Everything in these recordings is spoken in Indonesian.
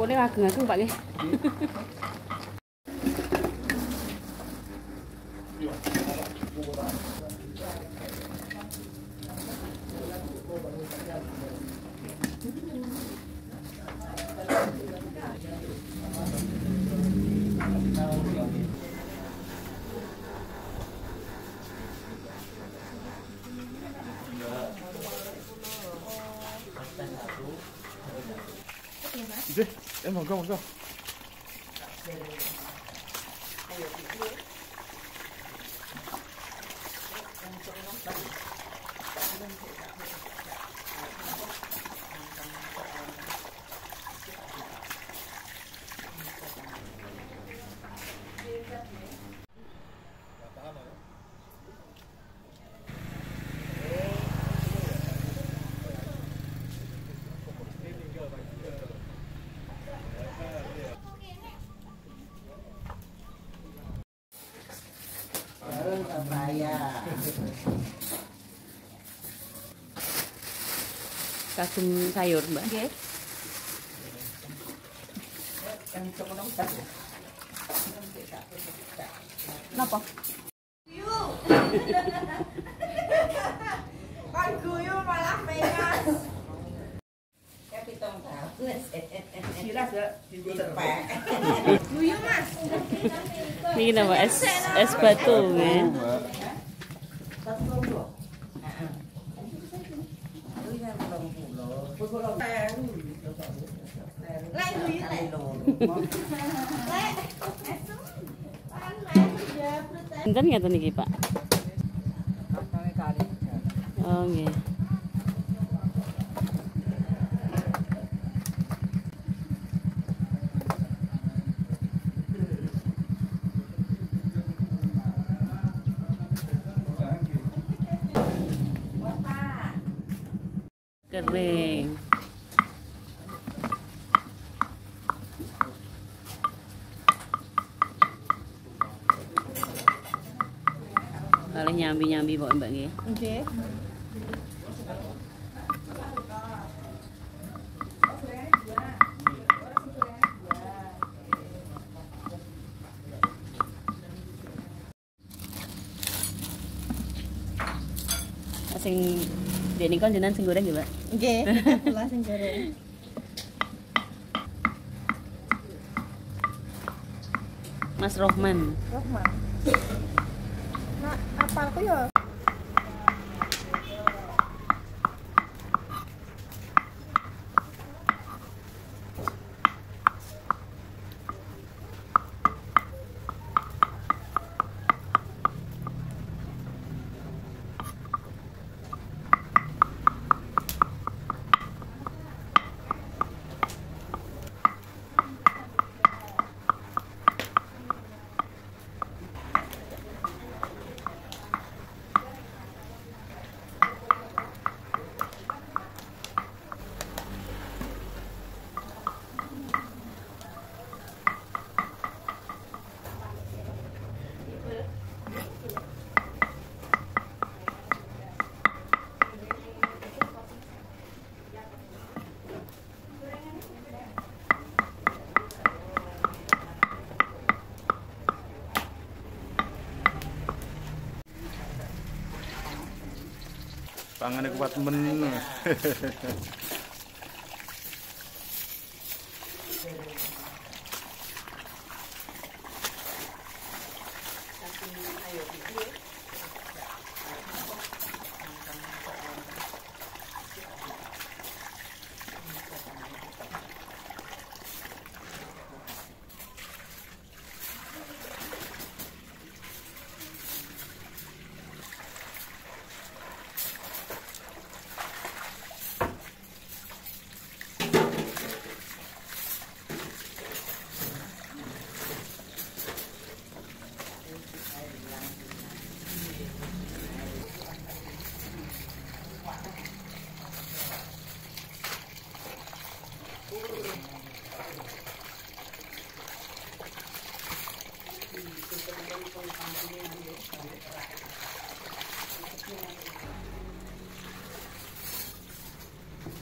boleh lah, aku ngaku pak ni. cơ một cơ Thank you. kagem sayur, Mbak. Nggih. Napa? Kan guyu. Mas. es es batu nggih. Ya. Pinten ngeten iki, Pak? Oh nggih. Iya. nyambi-nyambi bawa Mbak nggih. Nggih. Nah, sing dene kon jenengan sing goreng nggih, Mbak? Nggih, kula sing goreng. Mas Rohman. Rohman. 没有。Pangane kuat men.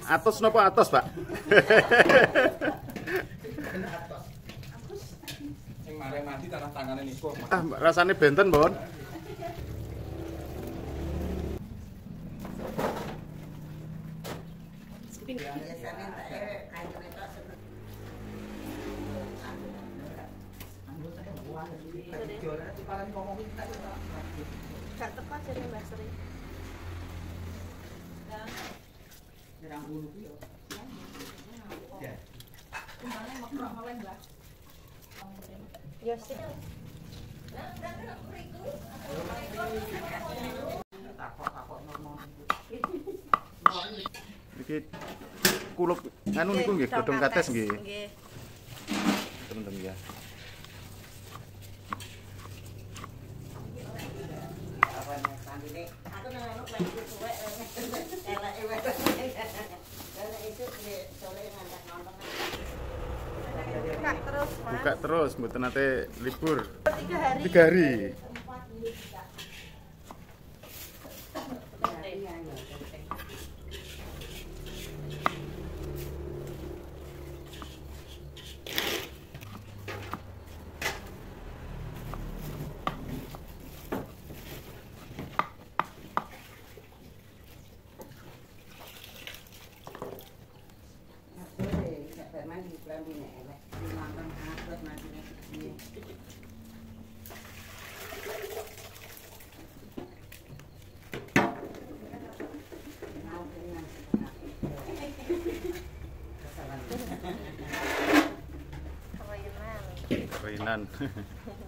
Atos nopo atos pak Ah, rasanya benten, Bon. Ya, sudah. Iki kulup anu niku nggih godhong kates nggih. Teman-teman ya. buka terus buat nanti libur tiga hari, tiga hari. 呵呵。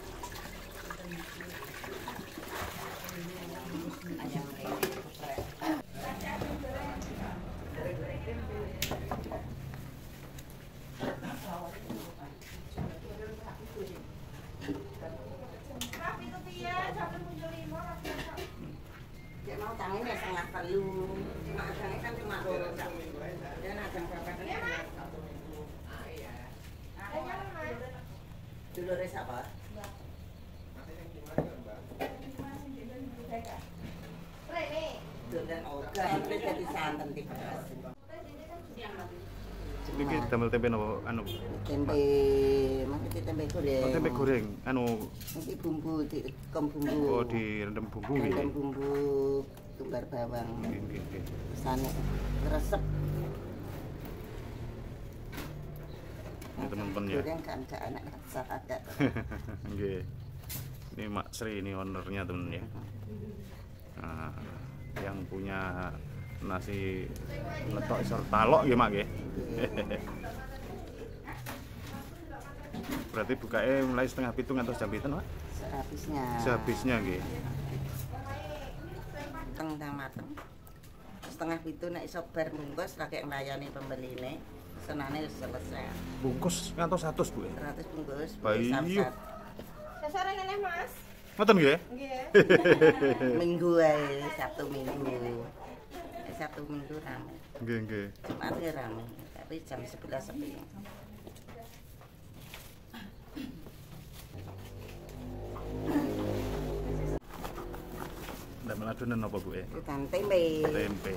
sambal tempe nopo anu tempe maksudnya tempe goreng oh, tempe goreng anu nanti bumbu di kom bumbu oh di rendam bumbu rendam gitu ya? bumbu tumbar bawang okay, okay, okay. sana resep ya teman-teman ya goreng kan ke anak saat ada okay. ini Mak Sri ini ownernya teman ya mm-hmm. nah, yang punya nasi letok serta lok ya mak ya berarti bukanya mulai setengah pitung atau jam pitung mak sehabisnya sehabisnya gitu mateng dan mateng setengah pitung naik iso bungkus lagi melayani pembeli ini senane selesai bungkus ngantos satu bu ya? seratus bungkus bayu sasaran ini mas Ngoten nggih? Nggih. minggu ya, Sabtu minggu satu minggu rame. Nggih, nggih. Jumat ya rame, tapi jam 11 sepi. Ndamel adonan apa, Bu? Ya? Ikan tempe. Tempe.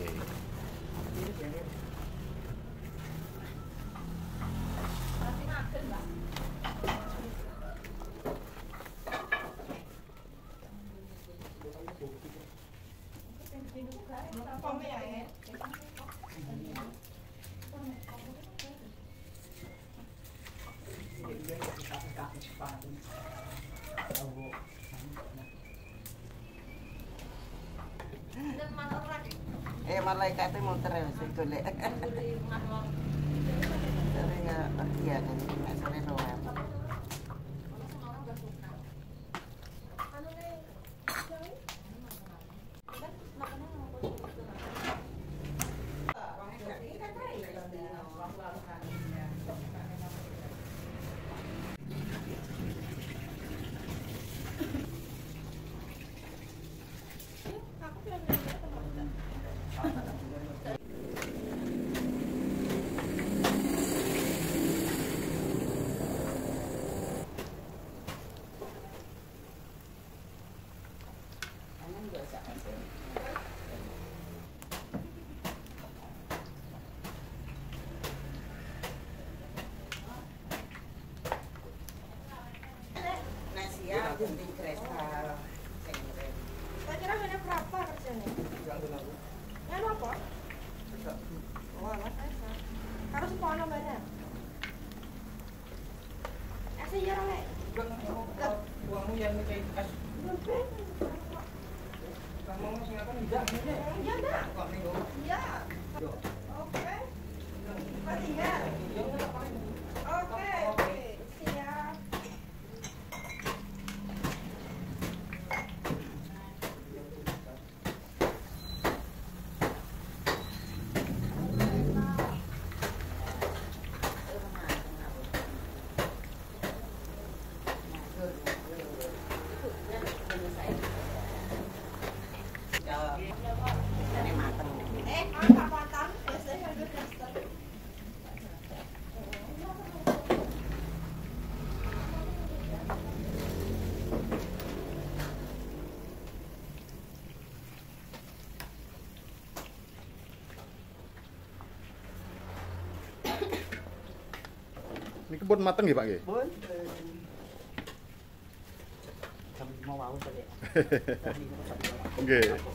pun mateng ya Pak nggih. Mboten. Eh, jam 5 wau tadi. Nggih.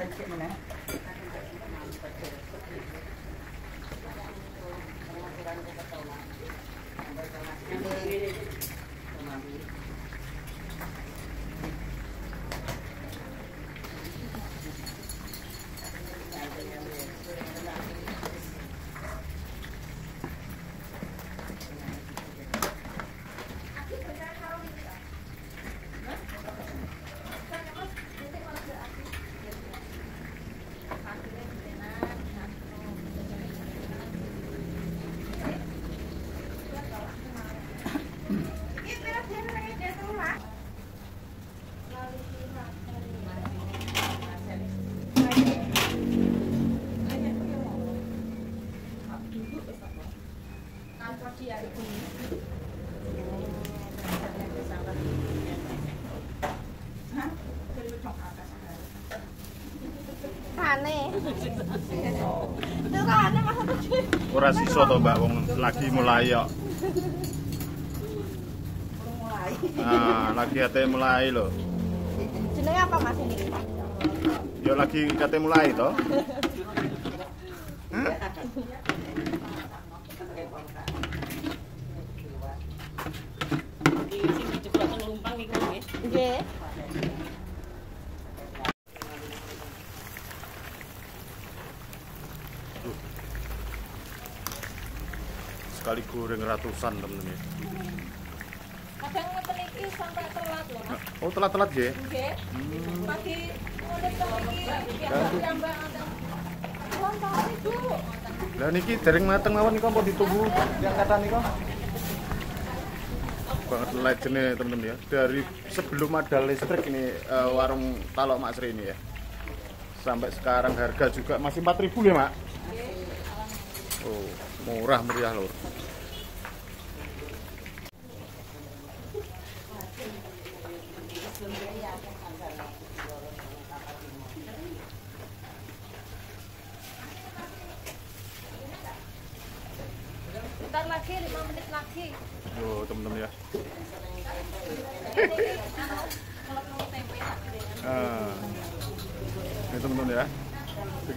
பாட்டு வச்சுருந்தேன் Ora sisa to Mbak wong lagi mulai kok. Nah, lagi ate mulai lho. Jenenge apa Mas ini? Yo ya, lagi ate mulai to. ratusan teman-teman ya. Kadang ngeten iki sampai telat loh, Mas. Oh, telat-telat ya? Hmm. Pagi mulai iki ya tambah Lah niki jaring mateng mawon niku ampun ditunggu diangkatan niku. Banget legend temen-temen ya. Dari sebelum ada listrik ini uh, warung Talok Mak Sri ini ya. Sampai sekarang harga juga masih 4000 ya, Mak? Oh, murah meriah, loh.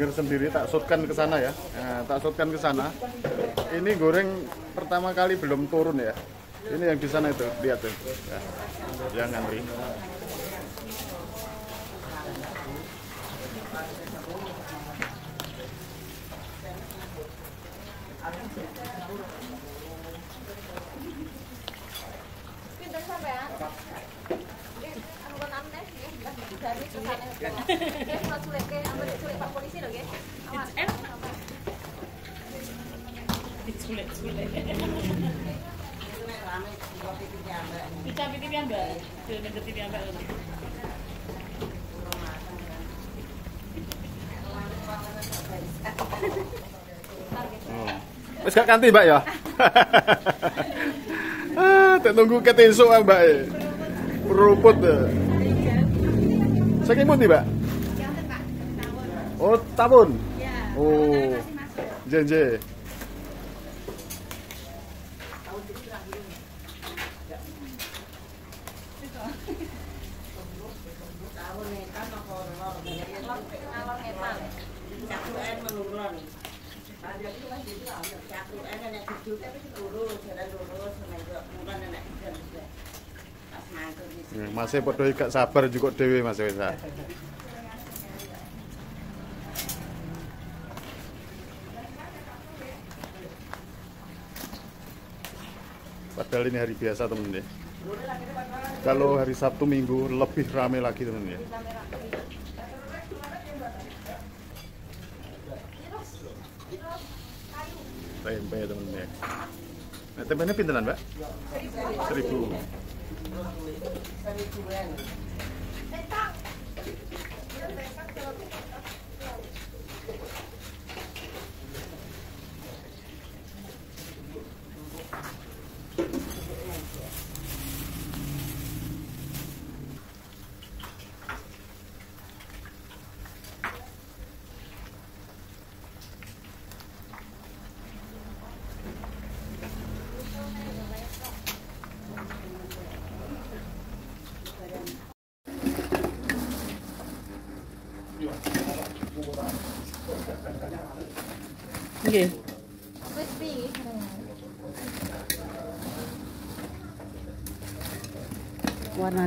burger sendiri tak sotkan ke sana ya. Nah, tak sotkan ke sana. Ini goreng pertama kali belum turun ya. Ini yang di sana itu, lihat tuh. Ya. Yang ngantri. Pinter sampean. anu kan ya, dari ambak film negatif ambak gak kanti, Mbak ya. ah, nunggu ket esuk ah, Mbak. Peruput. Eh. Eh. Saking pundi, Mbak? Oh, tabun. Iya, oh. Jenje. saya podo gak sabar juga dewi mas Wisa. padahal ini hari biasa temen deh. Ya. kalau hari Sabtu Minggu lebih rame lagi temen ya tempe temen ya nah, tempenya pinteran mbak? seribu Brooklyn. 72 anos.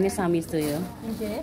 your Sammy's, do you? Hindi.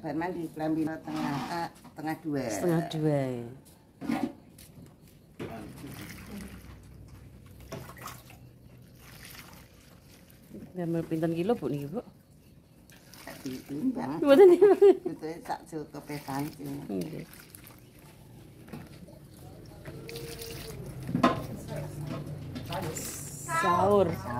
Barman di Klambino tengah A, eh, tengah dua. Setengah dua. Ya. Gambar pinten kilo bu nih bu? Ditimbang. Bukan timbang. Itu tak cukup pesan sih. Okay. Sahur. Sahur.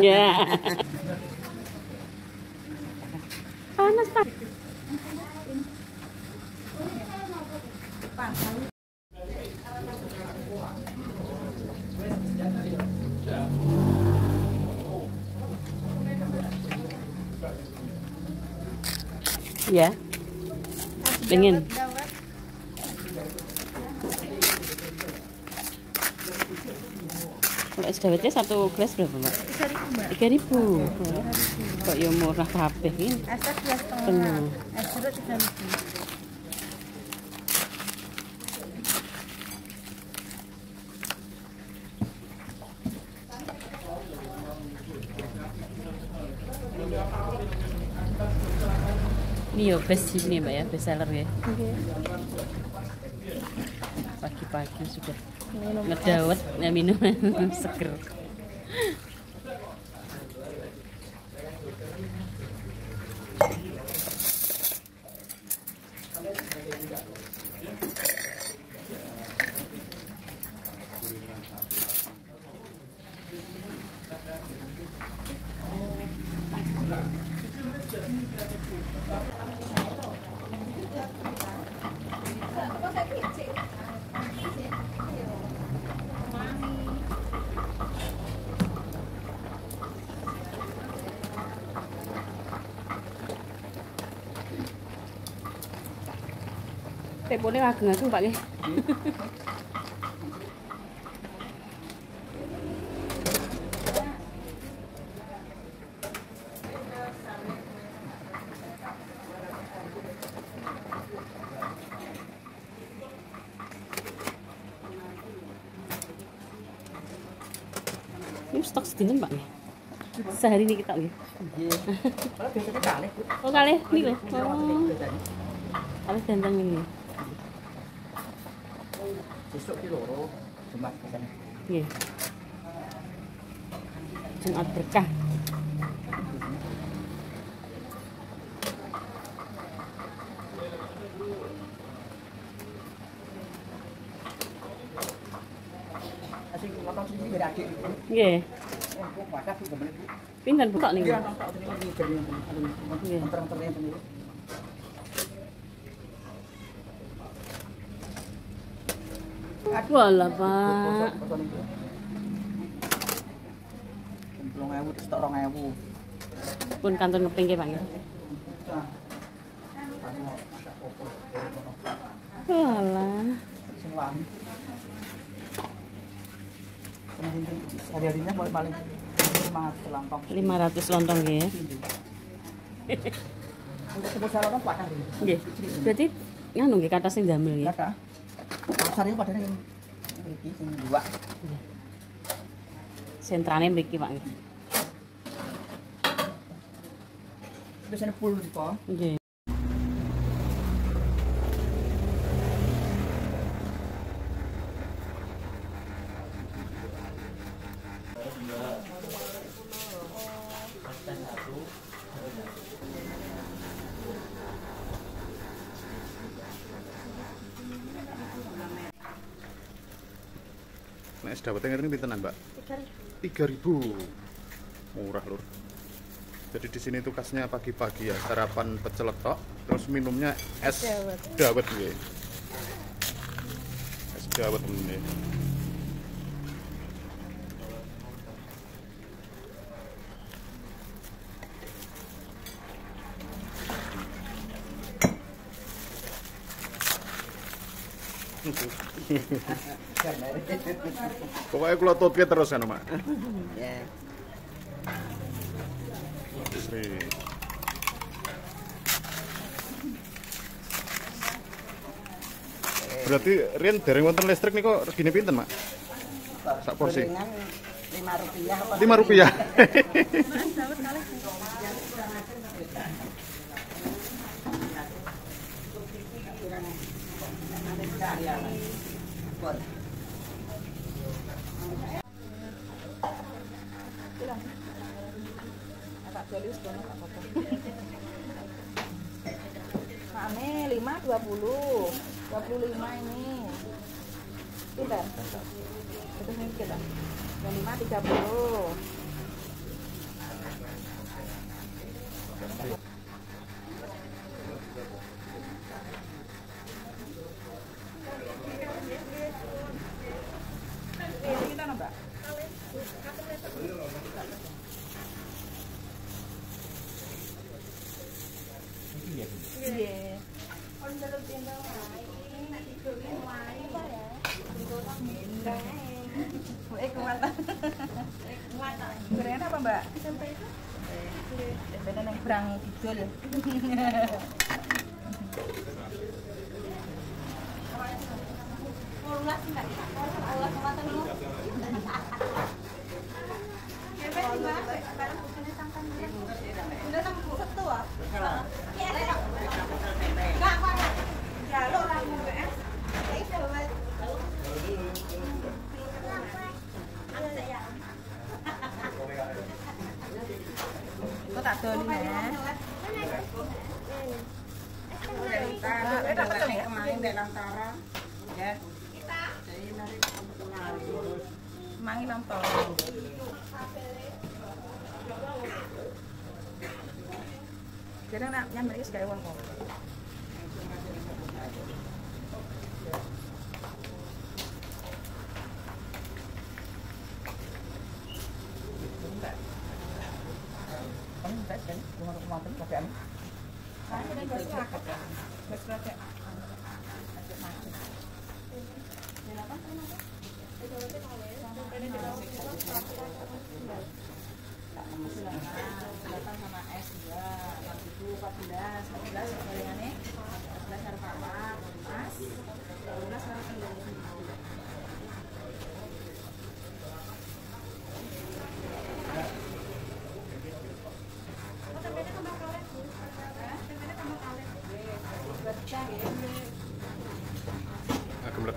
iya panas pak Ya, pengen. dawetnya satu gelas berapa mbak? tiga ribu kok ya murah kabeh ini esnya dua setengah es ini ya best ini ya, mbak ya best seller ya pagi-pagi sudah minum ngedawet ya minum seger Teponnya ageng-ageng, Pak nih, Ini stok sedingin Pak nih, Sehari ini kita lihat. Nggih. Iya. Oh, biasanya kali. Iya, oh, kali, ini lah. Kalih dendeng ini. Iya. nggih Jumat berkah Nggih. Iya. Pinten buka niku? Nggih. Iya. Wala, Pak. Pun kantun ngeping ke, Pak, ya? Hari-harinya paling 500 lontong. 500 lontong, ya? Nggih. Berarti nganu nggih kata sing Ya, nggih. Kata. Pasare ini. iki sing dua. Sentrane mriki, Pak. Wis ana pulu iki, Nggih. es dapatnya ngeten pintenan, Mbak? 3000. 3000. Murah, Lur. Jadi di sini tugasnya pagi-pagi ya, sarapan pecel tok, terus minumnya es dawet ya. Es dawet ini. Hehehe Pokoknya kalau topi terus kan, Mak. Ya. Berarti Rian dari wonten listrik nih kok gini pinter Mak? Sak porsi. lima rupiah. Lima rupiah. tak beli sebanyak apa-apa nah 5, 20 25 ini kita terus ini kita yang 5, 30 tak doni ya. kemarin dari Lantara. Ya. Kita. Jadi nanti Mangi nonton. Jadi nak nyamber is kayak uang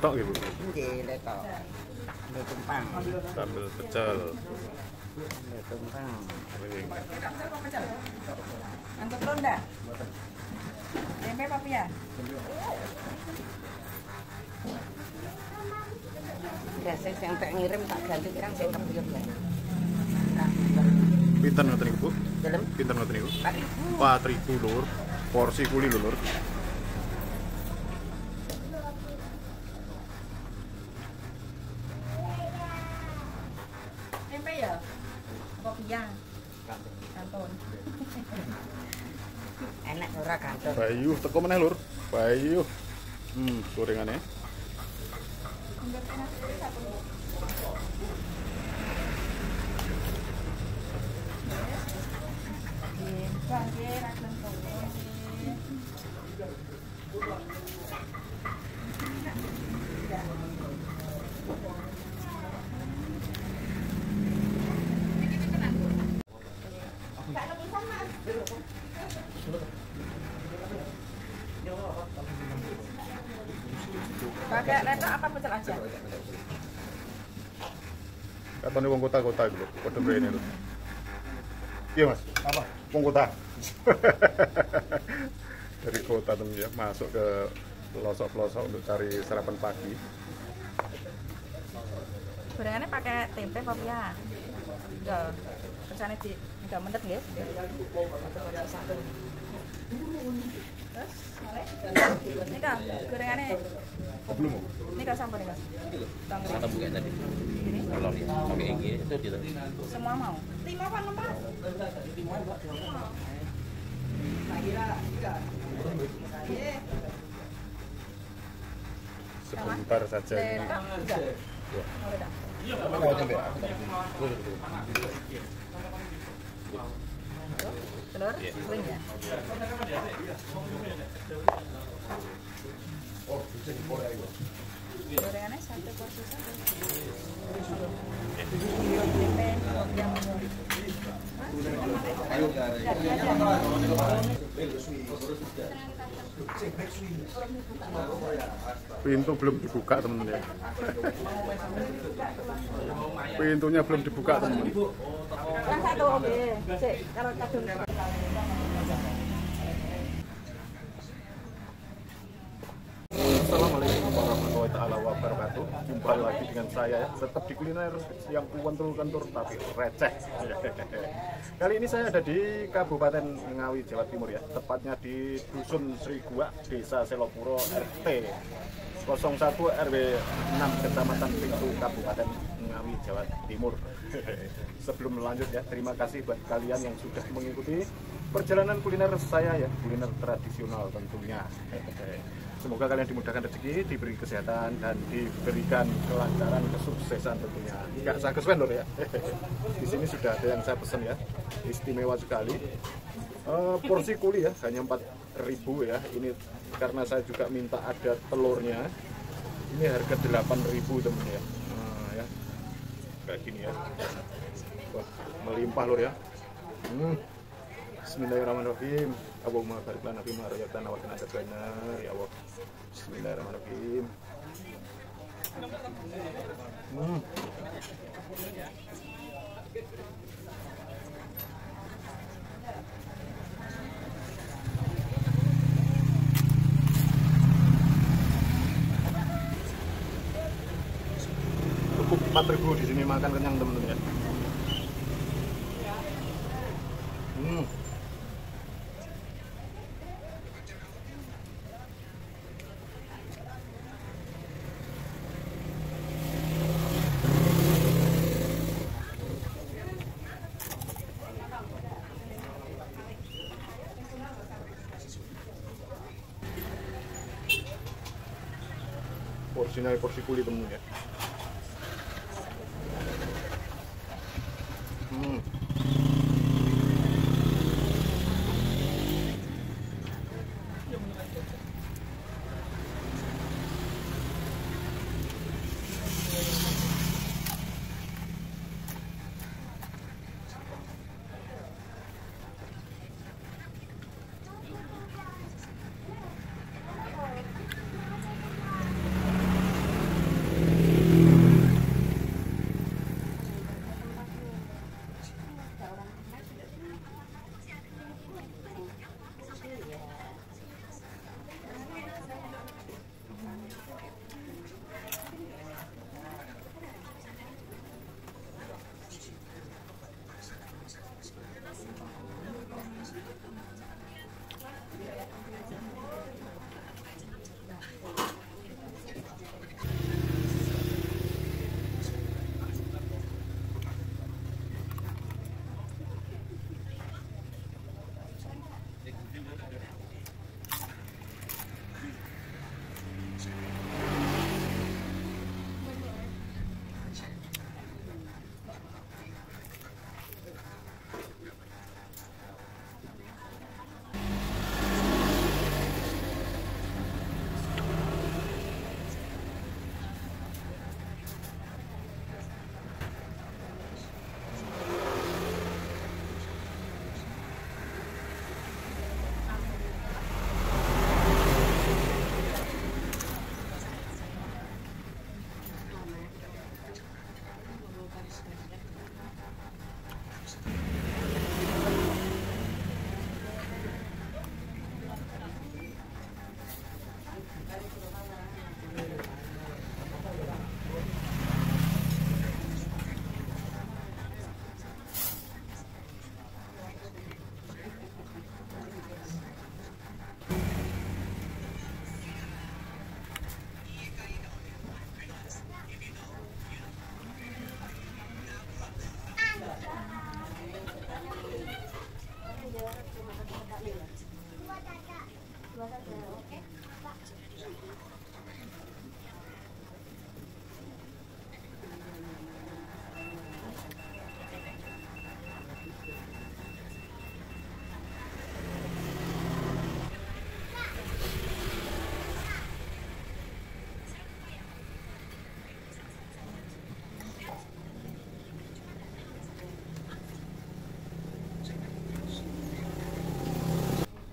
letok gitu nggih letok sambel tumpang sambel pecel sambel tumpang Angkut ronda. Tempe papi ya? Biasa yang tak ngirim tak ganti kan saya kebuyut ya. Pinter ngoten niku, Bu? Dalem? Pinter ngoten niku? 4000. 4000 lur. Porsi kuli lur. Bayu, teko meneh lur Bayu. hmm gorengannya Thank you. Pakai laptop apa pecel aja? Katanya wong kota-kota gitu, kota ini loh. Iya mas, apa? Wong kota. Dari kota ya, masuk ke pelosok-pelosok untuk cari sarapan pagi. Gorengannya pakai tempe apa ya? Enggak. Pesannya di enggak mendet gitu. Satu gorengannya. belum. Nih kak nih kak. buka tadi. Ini. Kalau ini itu dia. Semua mau. Lima kan lima. Sebentar saja telur Yeah. Sering ya? Gorengannya satu porsi satu. Pintu belum dibuka teman ya. Pintunya belum dibuka teman. Kan satu oke. Kalau kadung jumpa lagi dengan saya ya tetap di kuliner yang tuh kentur tapi receh kali ini saya ada di Kabupaten Ngawi Jawa Timur ya tepatnya di Dusun Gua, Desa Selopuro RT 01 RW 6 Kecamatan Pintu Kabupaten Ngawi Jawa Timur sebelum lanjut ya terima kasih buat kalian yang sudah mengikuti perjalanan kuliner saya ya kuliner tradisional tentunya Semoga kalian dimudahkan rezeki, diberi kesehatan dan diberikan kelancaran kesuksesan tentunya. Enggak saya kesuwen loh ya. Di sini sudah ada yang saya pesan ya. Istimewa sekali. E, porsi kuli ya hanya 4000 ya. Ini karena saya juga minta ada telurnya. Ini harga 8000 teman ya. Nah, ya. Kayak gini ya. Wah, melimpah loh ya. Hmm. Bismillahirrahmanirrahim. Allahumma barik lana fima razaqtana wa qina adzabannar ya Allah. Bismillahirrahmanirrahim. Hmm. Cukup 4 ribu di sini makan kenyang teman-teman ya. și n-are pur și cu liber,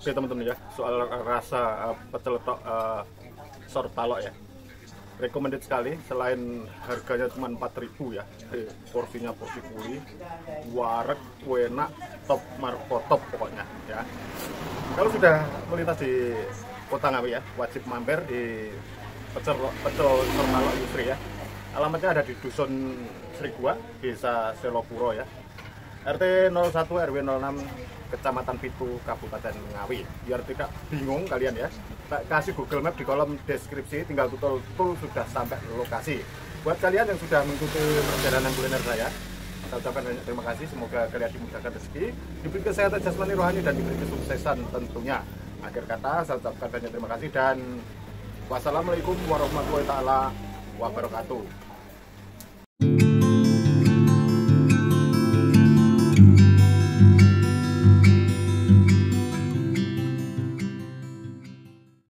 oke teman-teman ya soal rasa uh, pecel tok uh, eh, sortalok ya recommended sekali selain harganya cuma 4000 ya eh, porsinya porsi kuli warek enak top marco top pokoknya ya kalau sudah melintas di kota Ngawi ya wajib mampir di pecel pecel sortalok Yusri ya alamatnya ada di dusun Serigua desa Selopuro ya RT 01 RW 06 Kecamatan Pitu Kabupaten Ngawi biar tidak bingung kalian ya tak kasih Google Map di kolom deskripsi tinggal tutul-tutul sudah sampai lokasi buat kalian yang sudah mengikuti perjalanan kuliner saya saya ucapkan banyak terima kasih semoga kalian dimudahkan rezeki diberi kesehatan jasmani rohani dan diberi kesuksesan tentunya akhir kata saya ucapkan banyak terima kasih dan wassalamualaikum warahmatullahi taala wabarakatuh